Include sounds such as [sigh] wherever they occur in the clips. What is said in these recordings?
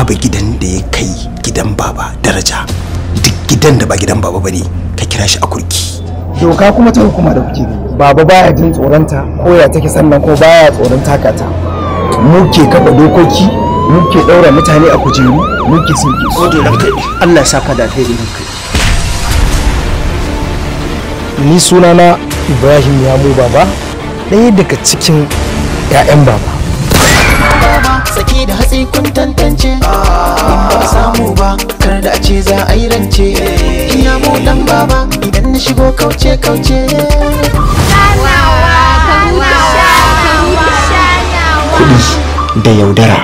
babu gidan da ya kai gidan baba daraja duk gidan da ba gidan baba ba ne ka kira shi a kurki doka kuma ta hukuma da kuke baba baya jin tsoronta ko ya take sannan ko baya tsoron takata mu ke kafa dokoki mu ke daura mutane a kujeru mu ke sauke Allah ya saka da alheri kai ni sunana Ibrahim Yamu Baba ɗaya daga cikin 'ya'yan baba saki da hatsi kun tantance in ba samu ba kar da ce za a yi rance ina mu dan baba idan na shigo kauce kauce kuɗi da yaudara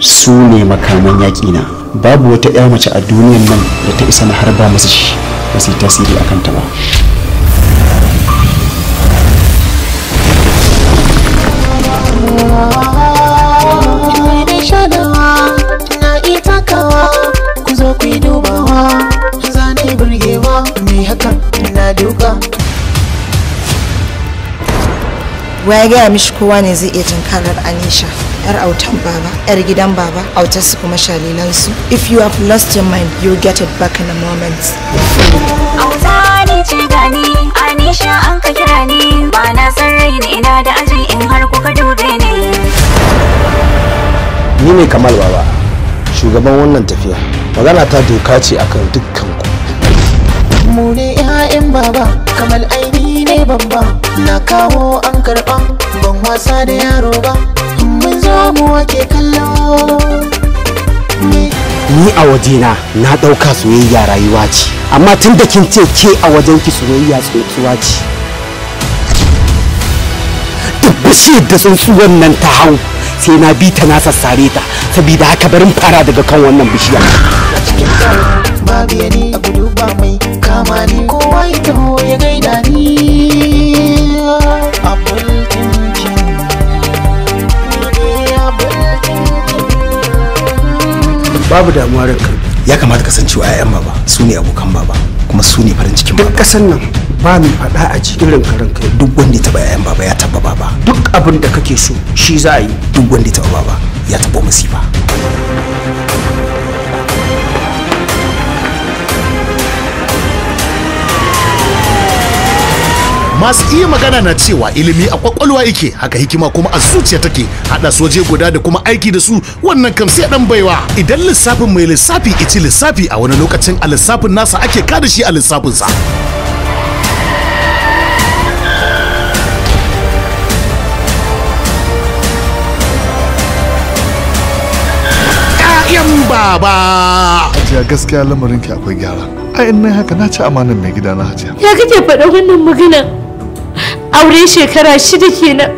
su ne makaman yaƙi na babu wata 'ya mace a duniyan nan da ta isa na harba masu shi ba yi tasiri a kanta ba shadawa na ita kawa ku zo ku yi dubawa zane burgewa mai hakan na duka waya gaya mishi kowa ne zai iya tunkarar anisha yar autan baba yar gidan baba autar su kuma shalilansu if you have lost your mind you get it back in a moment auta ni ce gani anisha an ka kira ni ba na san rai ne ina da aji in har kuka dube ne ni ne kamal baba shugaban wannan tafiya magana ta doka ce akan dukkan ku mu ne 'ya'yan baba kamal aini ne babba na kawo an karɓa ban wasa da yaro ba mun zo mu wake kallo ni a wajena na ɗauka soyayya rayuwa ce amma tun da kin ce ke a wajen ki soyayya tsotsuwa ce duk bishiyar da tsuntsuwan nan ta hau sai na bi ta na sassare ta saboda haka barin fara daga kan wannan bishiya babu yani abu ya kamata ka san cewa 'ya'yan baba su ne abokan baba kuma su ne farin cikin baba duk kasan nan ba mu faɗa a cikin irin karan kai duk wanda ya taɓa yayan baba ya taɓa baba duk abin da kake so shi za a yi duk wanda ya taɓa baba ya taɓa masifa masu iya magana na cewa ilimi a kwakwalwa yake haka hikima kuma a zuciya take hada soje guda da kuma aiki da su wannan kam sai dan baiwa idan lissafin mai lissafi ici lissafi a wani lokacin a lissafin nasa ake kada shi a lissafinsa. ba hajiya gaskiya lamarin ki akwai gyara ai in haka na ci amanar mai gida na hajiya ya kake faɗa wannan magana aure shekara shida kenan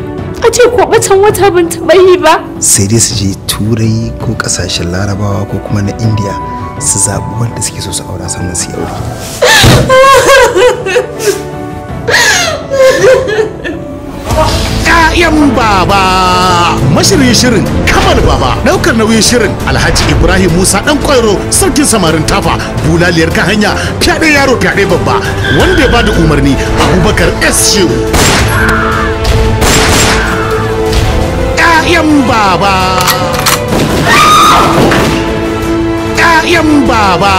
a ce ko batan wata ban taɓa yi ba sai dai su je turai ko kasashen larabawa ko kuma na indiya su zaɓi wanda suke so su aura sannan su yi aure [laughs] 'yan baba mashirin shirin kamal baba daukar nauyin shirin alhaji ibrahim musa dan kwairo sarkin samarin tafa bulaliyar kan hanya fyaɗe yaro fyaɗe babba wanda ya ba da umarni abubakar s shehu baba ƴaƴan baba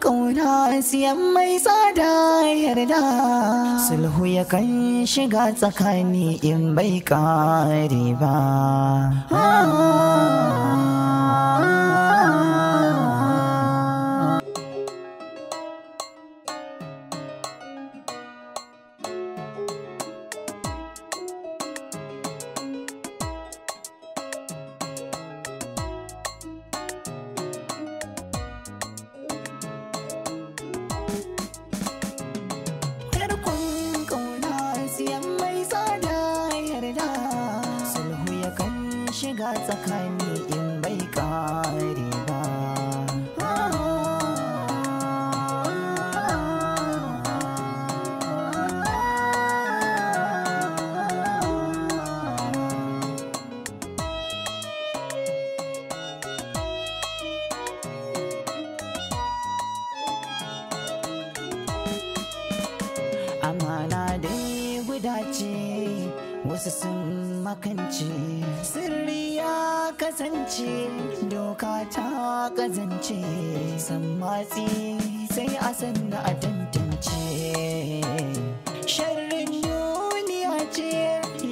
ƙauna siyan mai tsada yarda sulhu ya kan shiga tsakani in bai ƙare ba ah. bakance sirri ya kasance doka ta kazance sammatsi sai a sanna a tantance sharrin duniya ce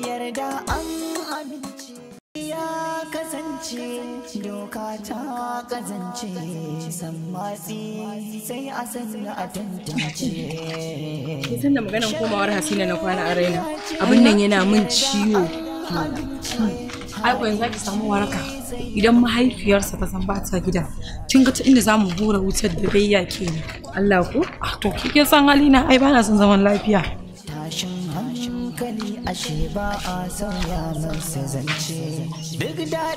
yarda an amince ya kasance doka ta kazance sammatsi sai a sanna a tantance kin da maganin komawar hasina na kwana a raina abin nan yana min ciwo ai ko yanzu ki samu waraka idan mahaifiyarsa ta san ba ta gida kin ga ta inda zamu hura wutar da bayya ke ne Allah ko a ah, to kike san halina ai bana son zaman lafiya tashin hankali ashe ba a sauya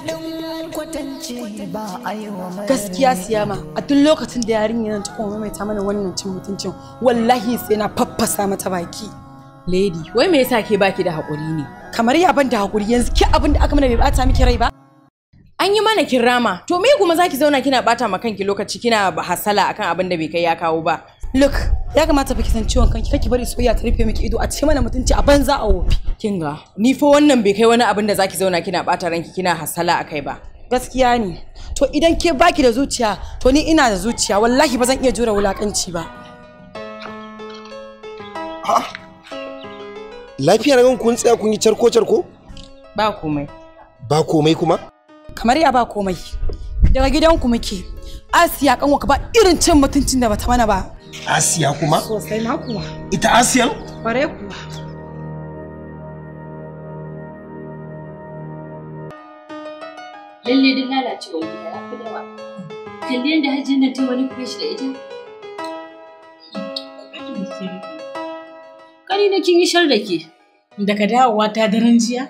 duk kwatance ba a yi wa gaskiya siyama a duk lokacin da yarinya ta kuma ta mana wannan cin mutuncin wallahi sai na faffasa mata baki Lady, wai me yasa ke baki da haƙuri ne? Kamar ya ban da haƙuri yanzu ke abin da aka mana bai bata miki rai ba? An yi mana kirama, to me kuma zaki zauna kina bata ma kanki lokaci kina hasala akan abin da bai kai ya kawo ba. Look, ya kamata fa ki san ciwon kanki kake bari soyayya ta rufe miki ido a ce mana mutunci a banza a wofi. Kinga, ni fa wannan bai kai wani abin da zaki zauna kina bata ranki kina hasala akai ba. Gaskiya ne. To idan ke baki da zuciya, to ni ina da zuciya, wallahi ba zan iya jure wulakanci ba. Ha? lafiya na gan kun tsaya kun yi charko charko ba komai ba komai kuma kamar ya ba komai daga gidanku muke asiya kan ka ba irin cin mutuncin da bata mana ba asiya kuma sosai ma kuma. ita Asiya? kware kuwa lalle din wani gida ya fi dawa kalli yadda hajjin nan ta wani fresh da ita Kani na kin ishar da ke. Daga dawowa ta daren jiya?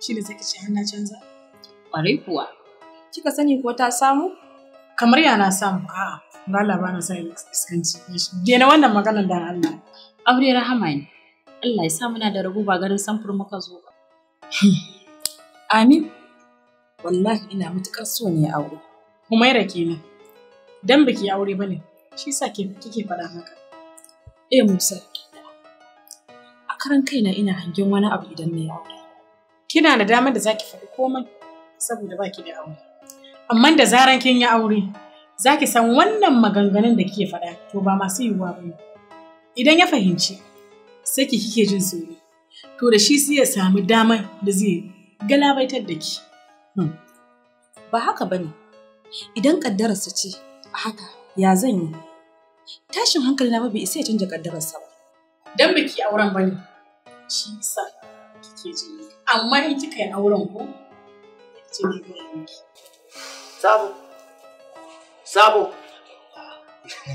Shi da take ce na canza. Ƙwarai kuwa. Kika sani ko ta samu? Kamar ya na samu. A'a, ba labarin sa iskanci. Dena wannan maganar da Allah. Aure rahama ne. Allah ya sa muna da rabu ba garin samfur muka zo ba. [laughs] Amin. Wallahi ina matuƙar so ne aure. Kumaira kenan. Dan biki aure bane. Shi sa kike faɗa haka. Eh Musa, karan kaina ina hangen wani abu idan na yi aure. Kina da damar da zaki faɗi komai saboda baki da aure. Amma da zaran kin yi aure, zaki san wannan maganganun da kike faɗa to ba masu yiwuwa ba ne. Idan ya fahimci, sai ki kike jin tsoro. To da shi sai ya samu damar da zai galabaitar da ki. Hmm. Ba haka ba ne. Idan ƙaddararsa ce, haka ya zan yi. Tashin hankali na ba bai isa ya canja ƙaddararsa ba. Dan biki auren bane shi sa kike ji amma in kika yi auren ko ce ne ga yanki sabo sabo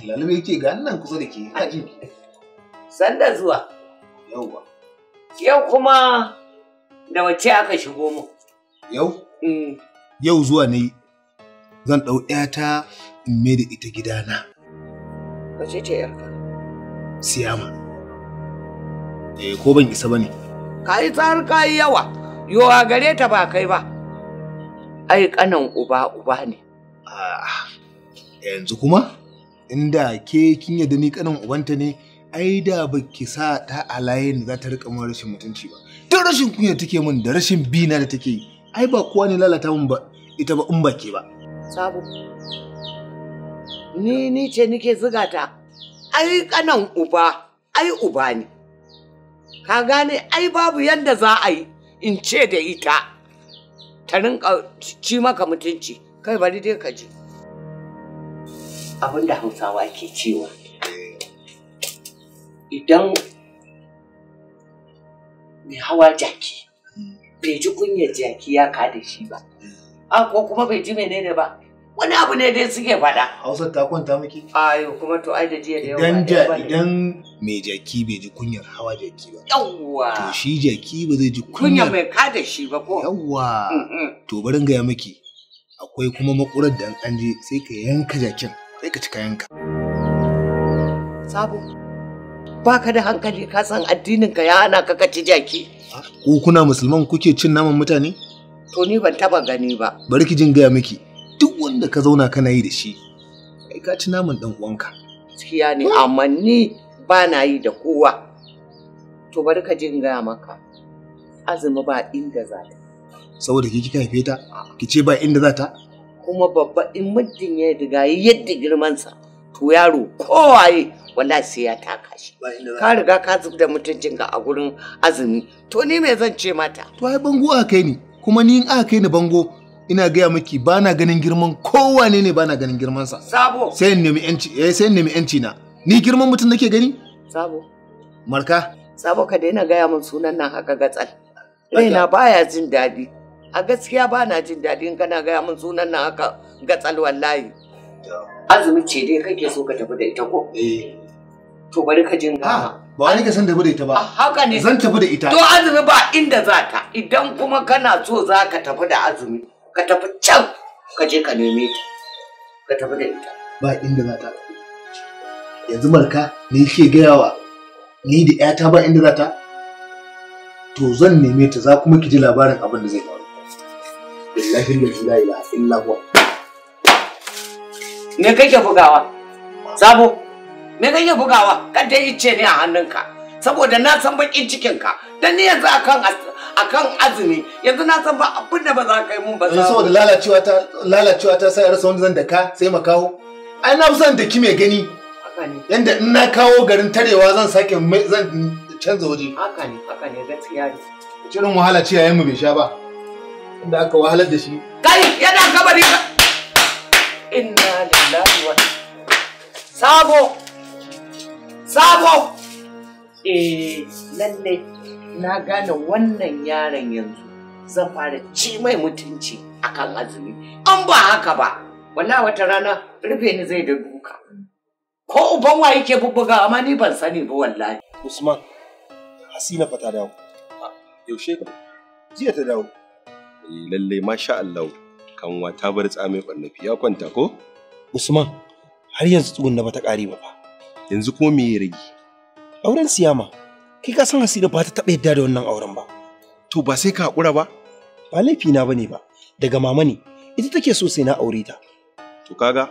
lalube yake ga nan kusa da ke haji sanda zuwa Yau ba. yau kuma da wace aka shigo mu yau mm. yau zuwa ne zan ɗau ‘yata in mai da ita gidana. Wace ce ‘yarka? Siyama. Eh ko ban isa bane. Ka yi tsar ka yawa. yawa. gare ta ba kai ba. Ai kanan uba uba ne. Ah, yanzu kuma inda ke kin yadda ni kanan ubanta ne ai da ba ki sa ta a layin da za ta rika mun rashin mutunci ba. Duk rashin kunya take min da rashin bina da take yi. Ai ba kowa ne lalata min ba ita ba in ba ke ba. Sabo. Ni ni ce nike zuga ta. Ai kanan uba, ai uba ne. ka gane ai babu yanda za a yi in ce da ita ta rinka ci maka mutunci kai bari dai ka ji da hausawa ke cewa idan mai hawa jaki bai ji kunyar jaki ya ka shi ba a ko kuma bai ji menene ba wani abu ne dai suke fada. Hausa ta kwanta miki? Ayo kuma to ai da jiya da yau. Idan ja idan mai jaki bai ji kunyar hawa jaki ba. Yawwa. To shi jaki ba zai ji kunyar. Kunyar mai kada shi ba ko. Yawwa. Mm, mm. To barin ya miki akwai kuma makurar da an je sai ka yanka jakin sai ka cika yanka. Sabo. Ba ka da hankali ka san addinin ka ya ana ka ci jaki. Ko kuna musulman kuke cin naman mutane? To ni ban taba gani ba. Bari ki jin gaya miki. duk wanda ka zauna kana yi da shi kai ka ci naman dan uwanka gaskiya ne hmm. amma ni ba na yi da kowa to bari ka jin gaya maka azumi ba inda za ta saboda ki kika haife ta ki ce ba inda za ta kuma babba in muddin ya riga yadda girmansa to yaro kowaye wallahi sai ya taka shi ka riga ka zub da mutuncin ga a gurin azumi to ni me zan ce mata to ai bango aka kai ni kuma ni in aka kai ni bango ina gaya miki ba na ganin girman kowane ne ba na ganin girmansa. Sabo. Sai in nemi yanci, eh sai in nemi yanci na. Ni girman mutum nake gani? Sabo. Marka. Sabo ka daina gaya min sunan nan haka gatsal. Raina baya jin daɗi. A gaskiya ba na jin daɗi in kana gaya min sunan nan haka gatsal wallahi. Azumi ce dai kake so ka tafi da ita ko? Eh. To bari ka jin gama. ba wani ka san tafi da ita ba. Haka ne. Zan tafi da ita. To azumi ba inda za ta idan kuma kana so za ka tafi da azumi. ka tafi can ka je ka neme ta ka tafi da ita ba inda za ta yanzu marka ne ke gaya wa ni da ta ba inda za ta to zan neme ta za kuma ki ji labarin abin da zai faru billahi la ilaha illa huwa me kake bugawa sabo me kake bugawa kada ta ice ne a hannunka saboda na san bakin ka dan ni yanzu akan akan azumi yanzu na san ba abin da ba za ka yi mun ba za eh, saboda lalacewa ta lalacewa ta sai rasa wanda zan da ka sai ma kawo ai na san da ki mai gani yanda in na kawo garin tarewa zan sake zan canza waje haka ne haka ne gaskiya ne cirin wahala ce yayin mu bai sha ba inda aka wahalar da shi kai yana kabari inna lillahi wa sabo sabo eh lalle na gane wannan yaron yanzu zan fara ci mai mutunci akan azumi an ba haka ba wala wata rana rufe ni zai da duka ko uban wa yake bubbuga amma ni ban sani ba wallahi usman hasina fa ta dawo ah, yaushe ka jiya ta dawo eh, lalle masha Allah kanwa ta bar tsame barnafi ya kwanta ko usman har yanzu tsugun na bata kare ba yanzu kuma me ya rage auren siyama Kai ka san Hasira ba ta taɓa yadda da wannan auren ba. To ba sai ka haƙura ba? Ba laifi na bane ba. Daga mama ne. Ita take so sai na aure ta. To kaga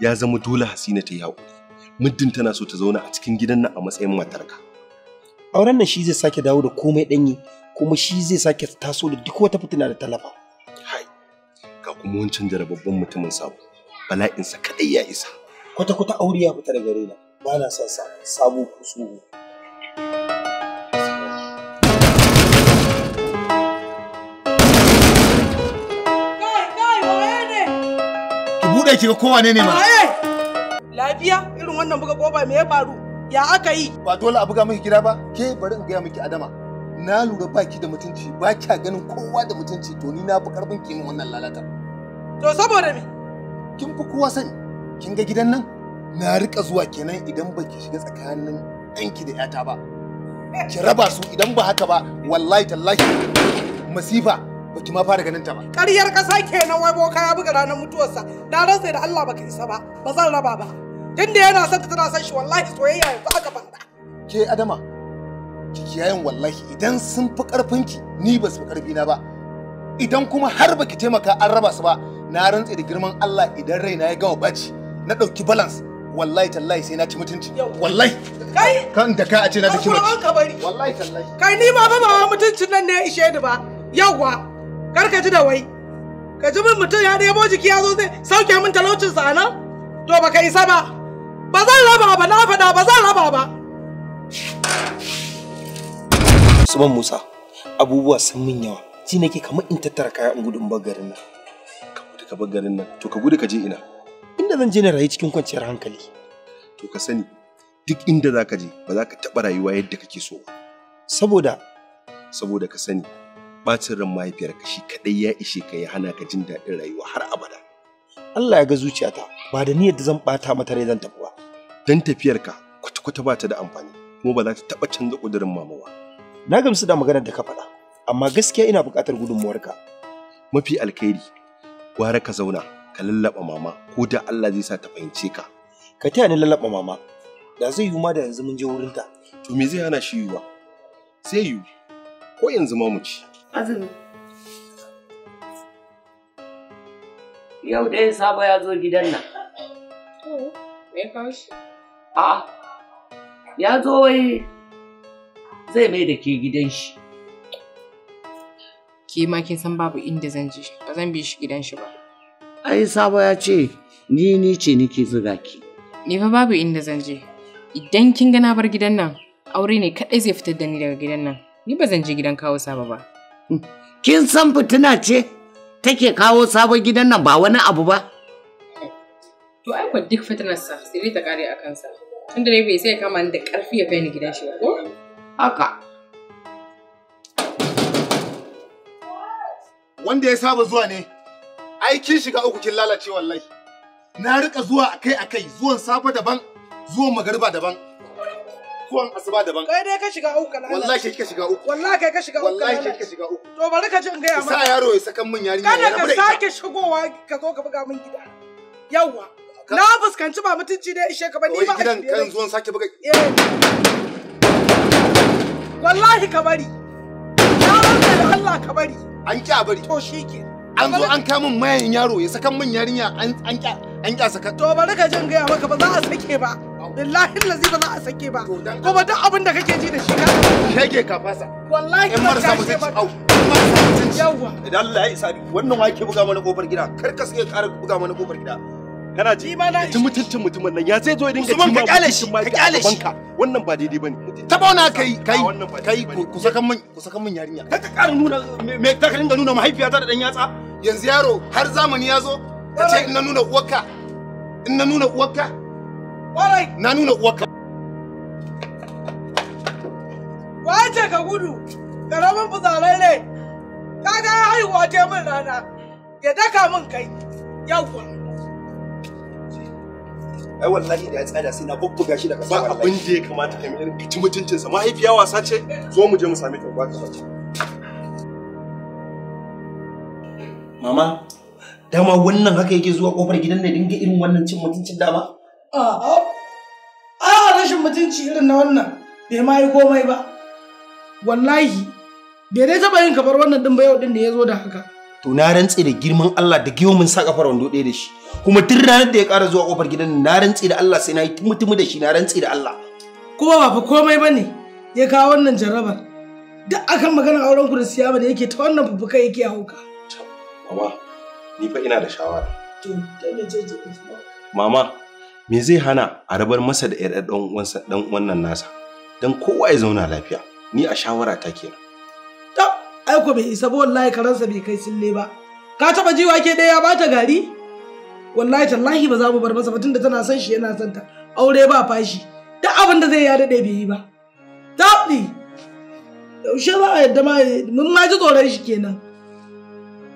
ya zama dole Hasina ta yi haƙuri. Muddin tana so ta zauna a cikin gidan nan a matsayin matarka. Auren nan shi zai sake dawo da komai ɗanyi kuma shi zai sake taso da duk wata fitina da talafa. Hai, ga kuma wancan jarababban mutumin sabo, bala'insa kaɗai ya isa. Kwata-kwata aure ya fita daga rena, ba na son sa, sabo ko tsoho. buɗe kowa ne ma. Lafiya irin wannan buga kofa me ya faru? Ya aka yi? Ba dole a buga miki gida ba. Ke bari in gaya miki Adama. Na lura baki da mutunci, ba kya ganin kowa da mutunci to ni na fi karfin ki min wannan lalata. To saboda me? Kin fi kowa sani. Kin ga gidan nan? Na rika zuwa kenan idan baki shiga tsakanin ɗanki da 'yata ba. Ki raba su idan ba haka ba wallahi tallahi masifa ba ki ma fara ganin ta ba ƙaryar ƙasa kenan wai boka ya buga ranar mutuwarsa na rantsa da Allah baka isa ba ba zan raba ba tunda yana son ka tana son shi wallahi soyayya yanzu aka fara ke adama ki kiyayen wallahi idan sun fi ƙarfinki ni ba su fi ƙarfina ba idan kuma har baki taimaka an raba su ba na rantse da girman Allah idan raina ya gama baci na ɗauki balance wallahi tallahi sai na ci mutunci wallahi kai kan da ka a ce na da kimanci wallahi tallahi kai ni ma ba ba mutuncin nan ne ya ishe ni ba yawa. kar ka ji da wai ka ji min mutum ya ɗebo jiki ya zo zai sauke min talaucinsa a nan to baka isa ba ba zan raba ba na faɗa ba zan raba ba Usman Musa abubuwa sun min yawa ji nake kamar in tattara kaya in gudun bagarin nan ka gudu ka bagarin nan to ka gudu ka je ina inda zan je na rayu cikin kwanciyar hankali to ka sani duk inda za ka je ba za ka taɓa rayuwa yadda kake so ba saboda saboda ka sani bacin ran mahaifiyarka shi kadai ya ishe ka ya hana ka jin daɗin rayuwa har abada Allah ya ga zuciyata ba da niyyar da zan bata mata rai zan tafi ba dan tafiyarka kwata-kwata ba ta da amfani kuma ba za ta taba canza ƙudurin mama ba na gamsu da maganar da ka faɗa amma gaskiya ina buƙatar ka. mafi alkhairi gwara ka zauna ka lallaba mama ko da Allah zai sa ta fahimce ka ka taya ni lallaba mama da zai yiwu ma da yanzu mun je wurinta to me zai hana shi yiwuwa sai yiwu ko yanzu ma mu ci azumi yau ɗaya sabo ya zo gidan nan me kawo a ya zo wai zai mai da ke gidan shi ke ma kin san babu inda zan je ba zan bi shi gidan shi ba ai sabo ya ce ni ni ce nake zuga ki ni fa babu inda zan je idan kin gana bar gidan nan aure ne kadai zai fitar da ni daga gidan nan ni ba zan je gidan kawo saba ba kin san fitina ce take kawo sabon gidan nan ba wani abu ba. To ai kwa duk sa sai ta kare a kansa. Tunda ne bai sai kama ni da ƙarfi ya kai ni gidan shi ko? Haka. Wanda ya saba zuwa ne, ai kin shiga uku kin lalace wallahi. Na rika zuwa akai-akai zuwan safe daban, zuwan magariba daban. tuwon asuba daban kai dai ka shiga uku kana wallahi kai ka shiga uku wallahi kai ka shiga uku wallahi kai ka shiga uku to bari ka ji in gaya yamma sa yaro ya sakan min yarinya ka sake shigowa ka zo ka buga min gida yawwa na fuskanci ba mutunci ne ishe ka ba ni ba gidan kan zuwan sake buga eh. wallahi ka bari na ranka da Allah ka bari an ki a bari to an zo an min mayan yaro ya sakan min yarinya an an ki to bari ka jin ga maka ba za a sake ba billahi lazi ba za a sake ba kuma duk abin da kake ji da shi ka shege ka fasa wallahi in marasa mu sai au idan Allah ya isa ni wannan wa yake buga mana kofar gida kar ka sake ƙara buga mana kofar gida kana ji ma na ji mutuncin mutumin nan ya zai zo ka ci ma ka kyale shi ka kyale shi wannan ba daidai bane ta bauna kai kai kai ku sakan min ku sakan min yarinya ka ƙara nuna me ta ka dinga nuna mahaifiyata da dan yatsa yanzu yaro har zamani ya zo ta ce in na nuna uwarka in na nuna uwarka Kwarai. Na nuna uwarka. Wace ka gudu, ƙaramin fitsararre, ka ga haihuwa ta min rana, ya daka min kai, yawwa. Ai wallahi da ya tsada sai na bubbuga shi da kasa wallahi. Ba abin da ya kamata ka yi ka ci mutuncinsa mahaifiya wasa ce, zo mu je mu same ta ba ta bace. Mama, dama wannan haka yake zuwa kofar gidan ne dinga irin wannan cin mutuncin dama? a rashin mutunci irin na wannan bai ma yi komai ba wallahi bai dai taɓa yin kamar wannan ɗin ba yau ɗin da ya zo da haka to na rantse da girman Allah da giyomin sa kafar wando ɗaya da shi kuma tun ranar da ya ƙara zuwa ƙofar gidan na rantse da Allah sai na yi mutumu da shi na rantse da Allah kuma ba fa komai ba ne ya kawo wannan jarabar duk akan maganar auren ku da siya ba da yake ta wannan fufuka yake hauka mama ni fa ina da shawara to ta me ce mama me zai hana a rabar masa da ‘yar ɗan wannan nasa don kowa ya zauna lafiya ni a shawara ta kenan. Ta aiko bai isa ba wallahi karansa bai kai sille ba ka taba ji wake ɗaya ya bata gari wallahi tallahi ba za mu bar masa ba tunda tana son shi yana son ta aure ba fashi Da abin da zai ya daɗe bai yi ba. Taɓi yaushe za a yadda ma mun ma ji tsoron shi kenan.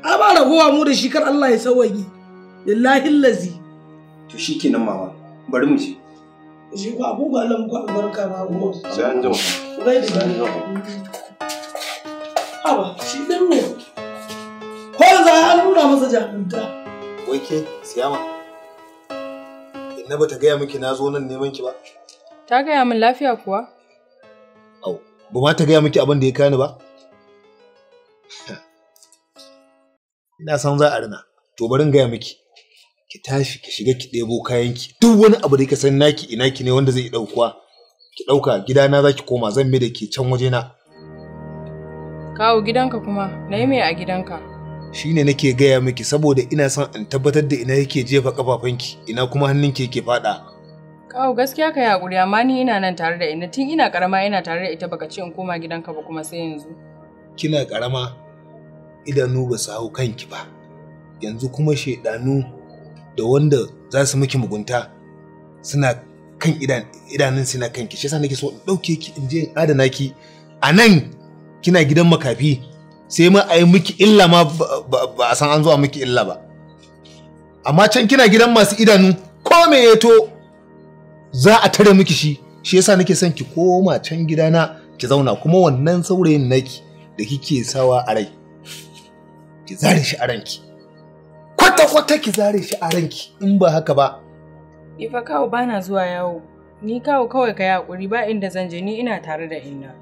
A ba ragowa mu da shi kar Allah ya sauwaye. Lillahi lazi. To shi kenan mama. bari mu je shi ko abubuwa Allah muku albarka na goma sai an jima zai da zai jima shi dan ne ko za an nuna masa jahilta wai ke siyama inna bata gaya miki na zo nan neman ki ba ta gaya min lafiya kuwa au ba ma ta gaya miki abin da ya kani ba [laughs] ina san za a rina to bari in gaya miki ki tashi ki shiga ki ɗebo ki duk wani abu da ka san naki ina ki ne wanda zai ɗaukuwa ki ɗauka gidana za ki koma zan mai da ke can waje na. Kawo gidanka kuma na yi mai a gidanka. Shi ne nake gaya miki saboda ina son in tabbatar da ina yake jefa kafafanki ina kuma hannunki yake faɗa. Kawo gaskiya ka yaƙuri amma ni ina nan tare da ina tun ina ƙarama ina tare da ita baka ce in koma gidanka ba kuma sai yanzu. Kina ƙarama idanu ba su hau kanki ba yanzu kuma shaidanu da wanda za su miki mugunta suna kan idanun suna kan ki shi yasa nake so in dauke ki in je adana ki a nan kina gidan makafi sai ma a yi miki illa ma ba a san an zuwa miki illa ba amma can kina gidan masu idanu ko me ya to za a tare miki shi shi yasa nake son ki koma can gidana ki zauna kuma wannan saurayin naki da kike sawa a rai ki zare shi a ranki kwata-kwata ki zare shi a ranki in ba haka ba. Ni fa kawo bana zuwa yawo. Ni kawo kawai ka yaƙuri ba inda zan je ni ina tare da inna.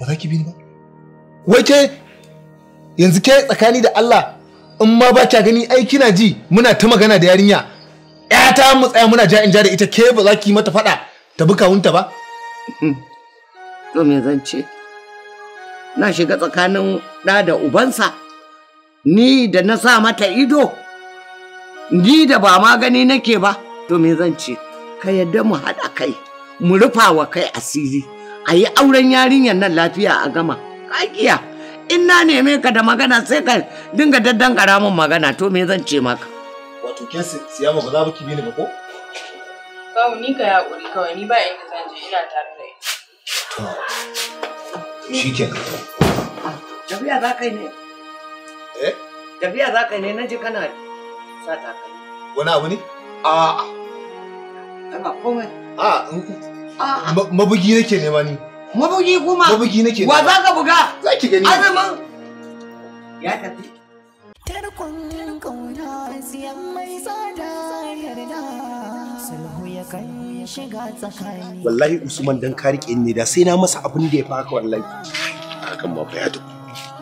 Ba za ki bi ba? Wai ke yanzu ke tsakani da Allah in ma ba kya gani ai kina ji muna ta magana da yarinya. ‘Yata mu tsaya muna ja in ja da ita ke ba za ki mata faɗa ta bi kawunta ba? To me zan ce? Na shiga tsakanin ɗa da ubansa, ni da na sa mata ido. ni da ba ma gani nake ba to me zan ce ka yadda mu haɗa kai mu rufa wa kai asiri a yi auren yarinyar nan lafiya a gama kakiya in na neme ka da magana sai ka dinga daddan min magana to me zan ce maka wato ke siya ma ba za ki bi ni ba ko mu ni ka kuri kawai ni ba inda zan je ina tare da shi to ka tafiya za kai ne eh tafiya za kai ne na ji kana sata kai wani abu ne A. kana komai a mabugi nake nema ni mabugi kuma mabugi nake wa za ka buga za ki gani azumin ya tafi tarkon kauna siyan mai tsada yarda sulhu ya kai shiga tsakani wallahi usman dan ka rike ni da sai na masa abin da ya fi haka wallahi hakan ma fa ya tafi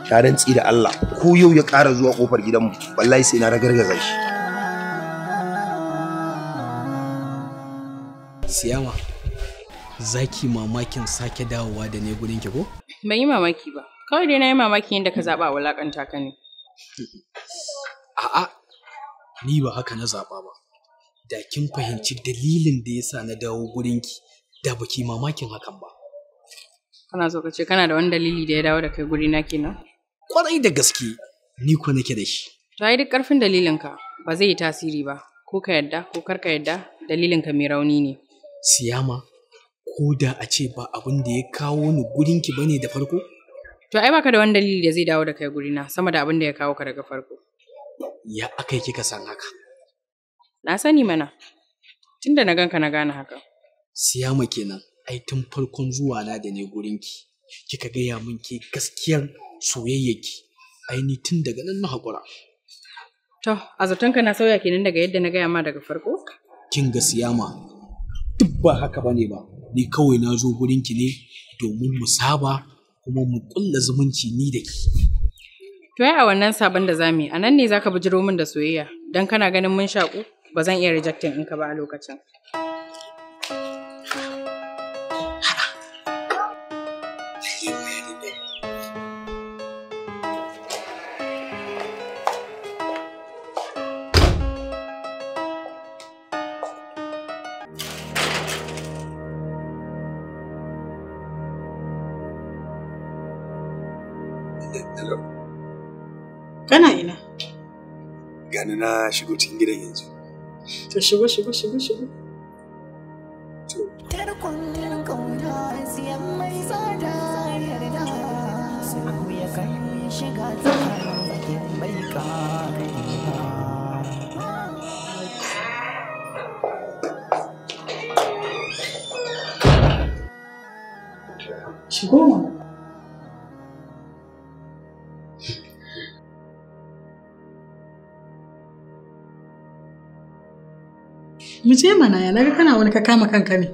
ta rantsi da Allah ko yau ya ƙara zuwa kofar gidanmu wallahi sai na ragargaza shi Siyama, za ki mamakin sake dawowa da ne gudun ki ko? Ban yi mamaki ba, kawai dai na yi mamakin yadda ka zaɓa a wulaƙanta ka ne. A'a, ni ba haka na zaɓa ba. Da kin fahimci dalilin da ya sa na dawo ki da baki mamakin hakan ba. Kana so ka ce kana da wani dalili da ya dawo da kai na kenan? Kwarai da gaske, ni ko nake da shi. To ai duk ƙarfin dalilinka ba zai yi tasiri ba, ko ka yadda ko kar ka yadda dalilinka mai rauni ne. siyama ko da a ce ba abin da ya kawo ni gurinki bane da farko? To ai baka da wani dalili da zai dawo da kai gurina sama da abin da ya kawo ka daga farko. Ya aka yi kika san haka? Na sani mana. Tunda na ganka na gane haka. Siyama kenan, ai tun farkon zuwa na da ne gurinki. Kika gaya min ke gaskiyar soyayyaki. Ai ni tun daga nan na haƙura. To, a ka na sauya kenan daga yadda na gaya ma daga farko? Kin ga siyama, ba haka bane ba ni kawai na zo gurin ki ne domin mu saba kuma mu kulla zumunci ni da ki to a wannan sabon da zamu yi anan ne zaka bijiro min da soyayya dan kana ganin mun shaku ba zan iya rejecting in ka ba a lokacin Hello. Kana ina? Gani na shigo cikin gidan yanzu. Ta shigo shigo shigo shigo. ce mana ya naga kana wani ka kama kanka ne.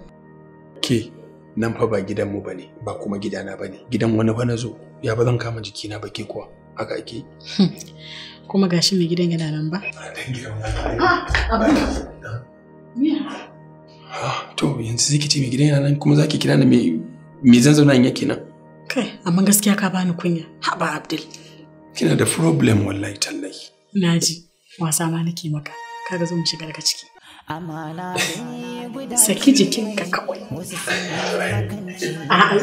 Ke nan fa ba gidanmu ba ne ba kuma gidana ba ne gidan wani ba na zo ya ba zan kama jikina ba ke kuwa haka ke. Hmm. Kuma gashi mai gidan yana nan ba. Ah, to yanzu zai kici mai gidan yana nan kuma za ki kira ni mai zan zauna in yake nan. Kai amma gaskiya ka bani kunya haba Abdul. Kina da problem wallahi tallahi. Naji wasa ma nake maka kaga zo mu shiga daga ciki. Saki jikinka kawai. A ah,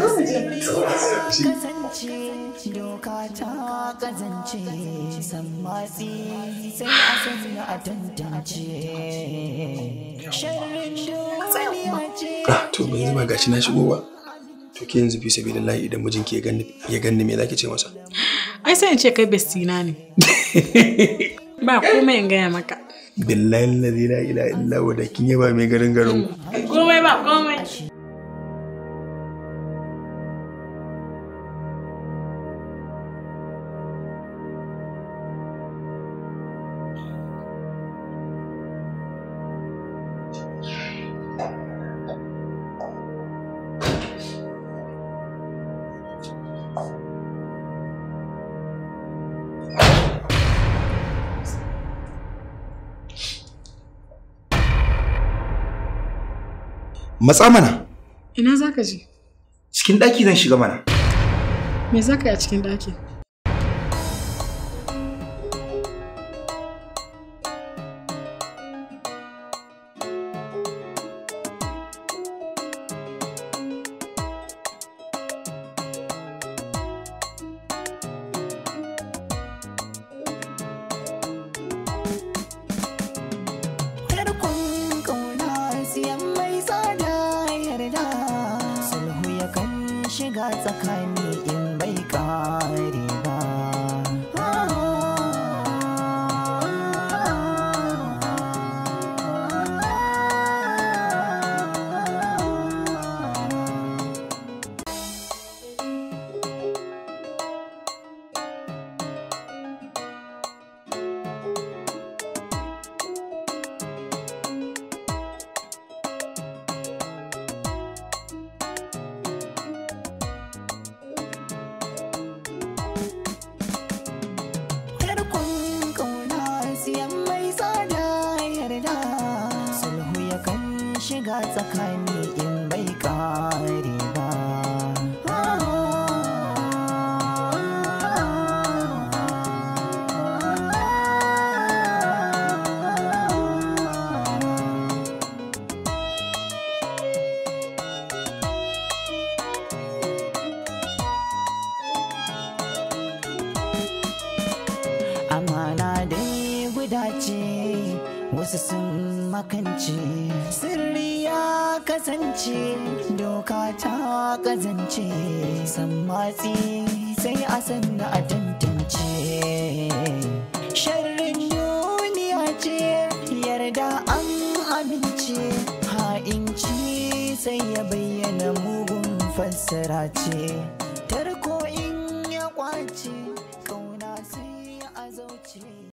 na To ke yanzu fi sabi layi idan mijinki ya ganni me zaki ce masa? Ai sai in ce kai bestina ne. [laughs] Ba komai in gaya maka. billahi la ilaha illa huwa da kin yaba mai garin garin ku komai ba komai matsa mana ina zaka je cikin ɗaki zan shiga mana me zaka yi a cikin ɗakin. a kindness.